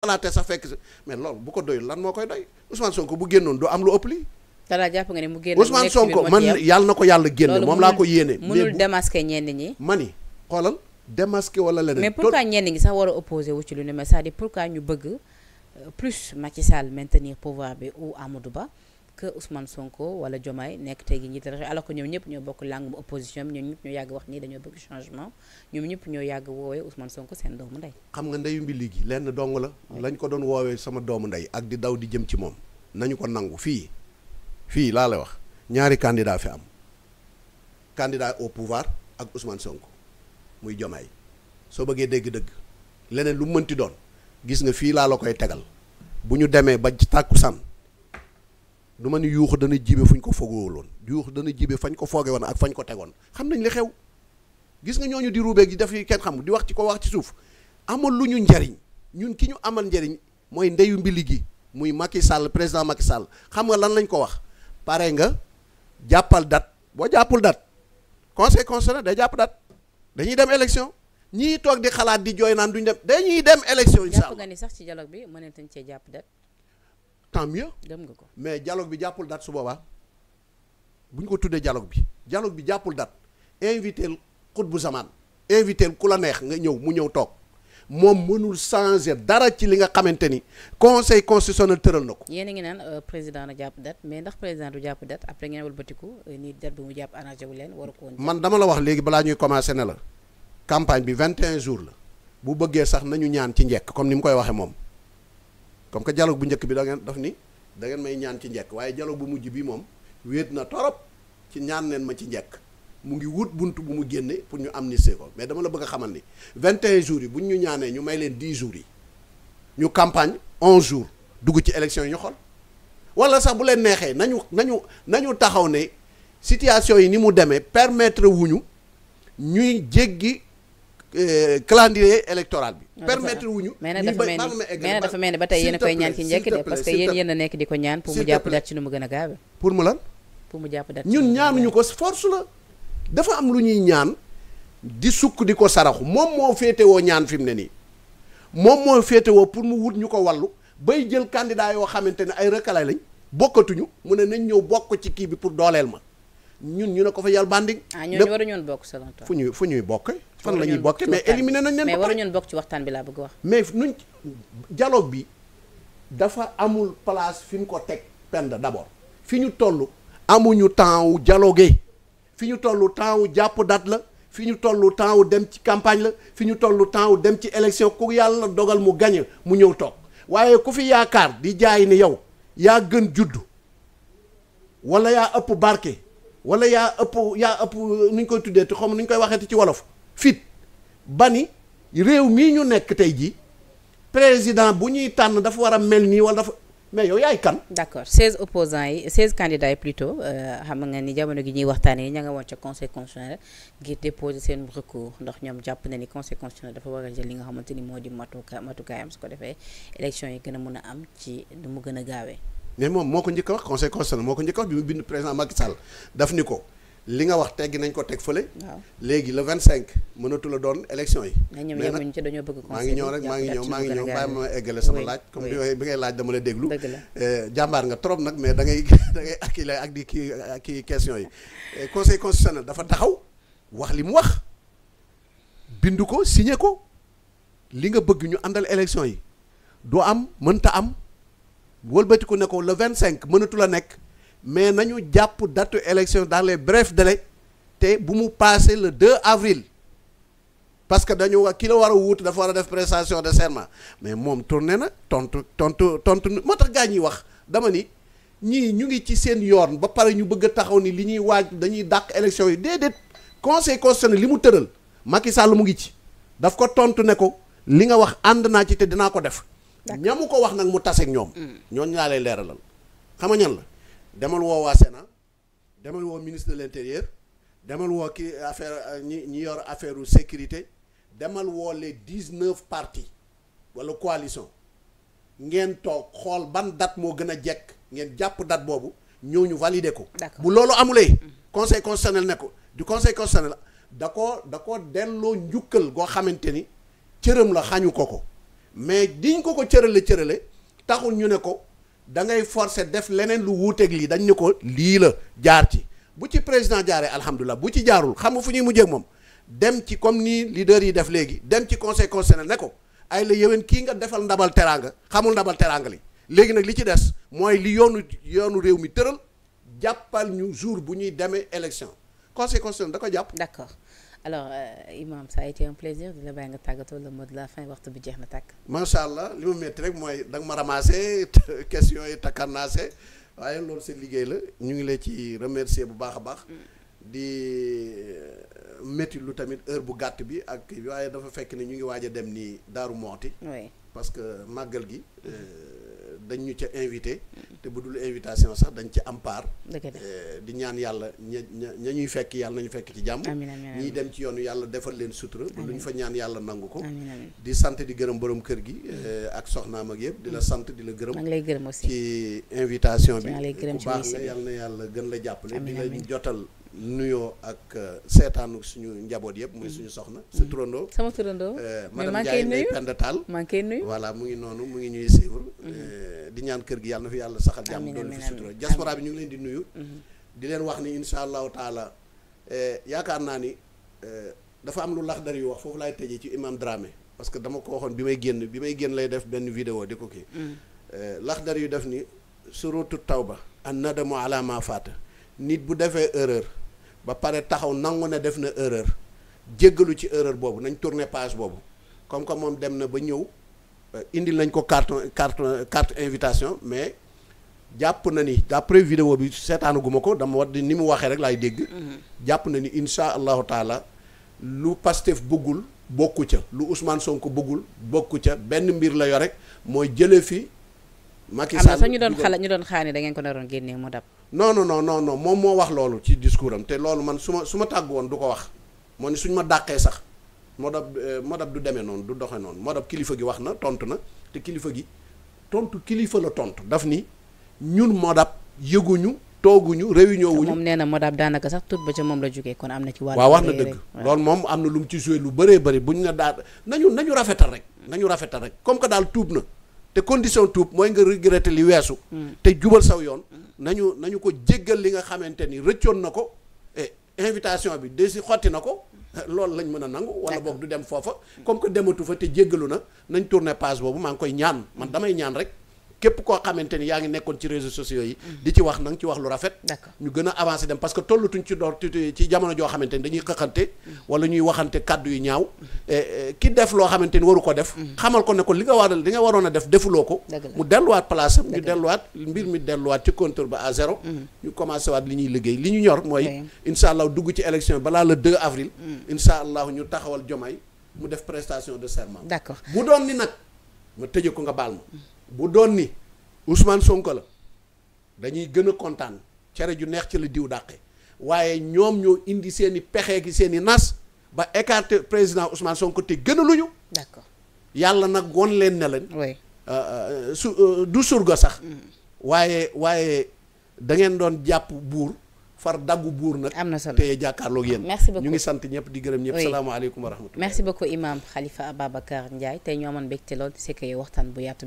xalaatee sax fekk mais loolu bu ko doyul lan moo koy doy Ousmane Sonko bu génnoon du am lu ëpp lii. dara jàpp nga ne mu génn Ousmane Sonko man yàlla na ko yàlla génn moom laa ko yéene. mënul démasquer ñenn ñi. mani xoolal démasquer wala leneen. mais pourquoi ñenn ñi sax war a opposé wu ci lu ne mais c'est-à-dire pourquoi ñu bëgg euh, plus Macky Sall maintenir pouvoir bi ou Amadou Ba. que Ousmane Sonko wala Diomaye nekk tey gi njiit la alors que ñoom ñëpp ñoo bokk làngum opposition bi ñoom ñëpp ñoo yàgg wax nii dañoo bëgg changement ñoom ñëpp ñoo yàgg woowee Ousmane Sonko seen doomu ndey xam nga ndeyu mbi léegi lenn dong la lañ ko doon woowee sama doomu ndey ak di daw di jëm ci moom nañu ko nangu fii fii laa la wax ñaari candidat fi am candidat au pouvoir ak Ousmane Sonko muy Diomaye soo bëggee dégg-dëgg leneen lu mënti doon gis nga fii laa la koy tegal bu ñu demee ba ci tàkkusaan du ma ne yuuxu dana jibe fuñ ko fogooloon yuuxu dana jibe fañ ko foogee woon ak fañ ko tegoon xam nañ li xew gis nga ñooñu di ruubeeg yi def yi kenn xam di wax ci ko wax ci suuf amal lu ñu njariñ ñun ki ñu amal njariñ mooy ndeyu mbili gi muy Macky sàll président Macky Sall xam nga lan lañ ko wax pare nga jàppal dat boo jàppul date conseil constitutionnel day jàpp date dañuy dem élection ñii toog di xalaat di jooy naan duñ dem dañuy dem élection. incha allah jàpp nga sax ci dialogue bi mënatañ cee jàpp date. temps mieux. dem nga ko mais dialogue bi jàppul date su booba bu ñu ko tuddee dialogue bi dialogue bi jàppul date invité xut bu zamaan invité ku la neex nga ñëw mu ñëw toog moom mënul changer dara ci li nga xamante ni conseil constitutionnel tëral na ko. yéen a ngi naan euh, président na jàpp date mais ndax président du jàpp date après ngeen wëlbatiku euh, nii date bi mu jàpp arrangé wu leen waru ko woon man dama la wax léegi balaa ñuy commencé ne la campagne bi vingt 21 jours la bu bëggee sax nañu ñaan ci njekk comme ni mu koy waxee moom. comme que dialogue bu njëkk bi da ngeen daf ni dangeen may ñaan ci njekk waaye dialogue bu mujj bi moom wéet na torop ci ñaan neen ma ci njekk mu ngi wut bunt bu mu génne pour ñu am amnistie ko mais dama la bëgg a xamal ni 21 jours yi buñ ñu ñaanee ñu may leen 10 jours yi ñu campagne 11 jours dugg ci élection yi ñu xol wala sax bu leen neexee nañu nañu nañu taxaw ne situation yi ni mu demee permettre ñu ñuy jéggi Euh, calendrier electoral bi. permettre wuñu mais nag dafa mel ni mais nag dafa mel ni ba tey yéen koy ñaan ci njëkk de parce que yéen nekk di ko ñaan pour mu jàpp date ci nu mu pour mu lan. pour mu jàpp date ñun ñaanuñu ko force la. dafa am lu ñuy ñaan di sukk di ko saraxu moom moo féetewoo ñaan fi mu ne nii moom moo féetewoo pour mu wut ñu ko wallu bay jël candidat yoo xamante ne ay recalés lañ bokkatuñu mu ne nañ ñëw bokk ci kii bi pour dooleel ma. ñun ñu ne ko fa yàlla banding. ah ñooñu waru ñoon bokk selon toi. fu ñuy fu ñuy bokk. fan la ñuy bokkee mais éliminé nañ leen. mais waru ñoon bokk ci waxtaan bi laa bëgg wax. mais nuñ dialogue bi dafa amul place fi ñu ko teg pend d'abord fi ñu toll amuñu temps wu dialogué fi ñu toll temps wu jàpp date la fi ñu toll temps wu dem ci campagne la fi ñu toll temps dem ci élection ku yàlla dogal mu gañe mu ñëw toog waaye ku fi yaakaar di jaay ni yow yaa gën juddu wala yaa ëpp barke. wala yaa ëpp yaa ëpp nuñ koy tuddee te xam ñu koy waxee waxeeti ci wolof fit ba ni réew mii ñu nekk tey jii président bu ñuy tànn dafa war a mel nii wala dafa mais yow yaay kan. d'accord seize opposants yi seize candidats yi plutôt euh, xam nga ni jamono gi ñuy waxtaanee yi ña nga woon ca conseil constitutionnel ngir déposer seen recours ndax ñoom jàpp na ni conseil constitutionnel dafa war a jël li nga xamante ni moo di matuka matukaayam su ko defee élection yi gën a mën a am ci nu mu gën a gaawee. mais moom moo ko njëkk a wax conseil constitutionnel moo ko njëkk a wax bi mu bind président Macky Sall daf ni ko li nga wax teggi nañ ko teg fële. waaw léegi le 25 mënatu la doon élection yi. mais nag ñoom ci dañoo bëgg maa ngi ñëw rek maa ngi ñëw maa ngi ñëw bàyyi ma eggale sama laaj. comme bi bi ngay laaj dama la déglu. Euh, jàmbaar nga trop nag mais da ngay da ngay ak lay ak di kii kii question yi. Euh, conseil constitutionnel dafa taxaw wax li mu wax bindu ko signé ko li nga bëgg ñu àndal élection yi doo am mënta am. wëlbatiku ne ko le 25 mënatu la nekk mais nañu jàpp datu élection dans les brefs délais te bu mu passé le 2 avril parce que dañu ki la war a wuutu dafa war a def prestation de serment mais moom tourné na tontu tontu tontu moo tax gaa ñi wax dama ni ñii ñu ngi ci seen yoon ba pare ñu bëgg a taxaw ni li ñuy waaj dañuy dàq élection yi déedéet conseil constitutionnel li mu tëral Macky Sall mu ngi ci daf ko tontu ne ko li nga wax ànd naa ci te dinaa ko def. ñamu ko wax nag mu taseeg ñoom mm. ñooñu laa lay leeralal xam la demal woo waa Sénat demal woo ministre de l'intérieur demal woo ki affaire ñi ñi yor affaire sécurité demal woo les dix-neuf partis wala coalition ngeen toog xool ban date moo gën a jekk ngeen jàpp date boobu ñëw ñu valider ko bu loolu amulee mm. conseil constitutionnel ne ko du conseil la da ko da ko delloo njukkal goo xamante ni cëram la xañu ko ko mais diñ ko ko cërale cërale taxul ñu ne ko da ngay forcer def leneen lu wuuteeg lii dañ ne ko lii la jaar ci bu ci président jaaree alhamdulilah bu ci jaarul xam nga fu ñuy mujjee moom dem ci comme ni leader yi def léegi dem ci conseil constitutionnel ne ko ay la yéwén kii nga defal ndabal teraanga xamul ndabal teraanga li léegi nag li ci des mooy li yoonu yoonu réew mi tëral jàppal ñu jour bu ñuy demee élection conseil constitutionnel da ko jàpp d'accord alors euh, Imaam été un plaisir di bàyyi nga tàggatoo le mot de la fin waxtu bi jeex na tàkk. macha allah li ma métti rek mooy da nga ma ramassé questions yi takkarnaase waaye loolu seen liggéey la ñu ngi lay ci remercier bu baax a baax. Mm. di euh, métti lu tamit heure bu gàtt bi ak waaye dafa fekk ni ñu ngi waaj a dem ni Daaru Mooti. oui que màggal gi. Euh, dañ ñu ca invité te bu dul invitation sax dañ ci am part eh, di ñaan yàlla ña ña ñuy fekk yàlla nañu fekk ci jàmm ñiy dem ci yoonu yàlla defal leen sutura bu lu ñu fa ñaan yàlla nangu ko di sant di gërëm borom kër gi eh, ak soxnaam ak yëpp di la mm. sant di la gërëm ci invitation bi bu baax la yàlla na yàlla gën la jàpp jàppale di la jotal nuyoo ak euh, seetaanu suñu njaboot yëpp muy mm-hmm. suñu soxna mm-hmm. su turandoo sama turandoo euh, madame Ndiaye Ndeye Penda Tall maa nuyu voilà mu ngi noonu mu ngi ñuy suivre mm-hmm. euh, di ñaan kër gi yàlla na fi yàlla saxal jàmm doon fi sutura diaspora bi ñu ngi leen di nuyu di leen wax ni insha allahu taala yaakaar naa ni dafa am lu lax dar yu wax foofu laay tëjee ci imam Dramé parce que dama ko waxoon bi may génn bi may génn lay def benn vidéo di ko kii lax dar yu def ni suratu tawba an nadamu ala ma faata nit bu defee ba pare taxaw nangu ne def na erreur jéggalu ci erreur boobu nañ tourner page boobu comme que moom dem na ba ñëw euh, indi nañ ko carton carton carte invitation mais jàpp na ni d'après vidéo bi seetaanaguma ko dama wax ni mu waxee rek laay dégg. Mm-hmm. jàpp na ni insha allahu taala lu Pastef bëggul bokku ca lu Ousmane sonk bëggul bokku ca benn mbir la yore rek mooy jële fi. Macky Sall am na sax ñu doon xala ñu doon xaani da ngeen ko naroon génnee mu dab. noonu non non moom moo wax loolu ci discours am te loolu man su ma su tàgg woon du ko wax moo ni suñ ma dàqee sax moo dab euh, moo du demee noonu du doxe noonu moo kilifa gi wax na tontu na te kilifa gi tontu kilifa la tontu daf ni ñun moo dab yëguñu tooguñu réunion wuñu moom nee na moo dab daanaka sax tut ba ca moom la jógee kon am na ci wàll waaw wax na dëgg loolu moom am na lu mu ci joué lu bëree bëri buñ ne daal nañu nañu rafetal rek nañu rafetal rek comme que daal tuub na te condition tuub mooy nga regretter li weesu mm. te jubal saw yoon nañu nañu ko jéggal li nga xamante ni rëccoon na ko et invitation bi de si xotti na ko loolu lañ mën a nangu wala boog du dem foofa comme que dematu fa te jéggalu na nañ tourner page boobu maa ngi koy ñaan man mm. damay ñaan rek képp koo xamante ni yaa ngi nekkoon ci réseaux sociaux yi mhm. di ci wax na nga ci wax lu rafet ñu gën a avancé dem parce que tollatuñ ci door ci jamono joo xamante ni dañuy xëqante mhm. wala ñuy waxante kàddu yu ñaaw mhm. eh, eh, ki def loo xamante ni waru ko def xamal ko ne ko li nga waral li nga waroon a def defuloo ko mu delluwaat place am ñu delluwaat mbir mi delluwaat ci compteur ba à zéro ñu commencé waat li ñuy liggéey li ñu ñor mooy incha allah dugg ci élection balaa le 2 avril incha allah ñu taxawal jomaay mu def prestation de serment d'accord bu doon ni nag ma tëje ko nga baal ma bu doon ni Ousmane Sonko la dañuy gën a kontaan cere ju neex ci la diw dàqe waaye ñoom ñoo indi seeni pexee pexe gi seen i nas ba écarté président Ousmane Sonko te gën a luñu. d'accord yàlla nag won leen ne leen. oui euh, euh, su euh, du surga sax. Mm. waaye waaye da ngeen doon jàpp buur far daggu buur nag. am na solo te jàkkaarloog yéen. ñu ngi sant ñëpp di gërëm ñëpp. oui salaamaaleykum wa rahmatulah. merci beaucoup imam Khalifa Ababacar Ndiaye tey ñoo amoon mbégte lool c'est que waxtaan bu yaatu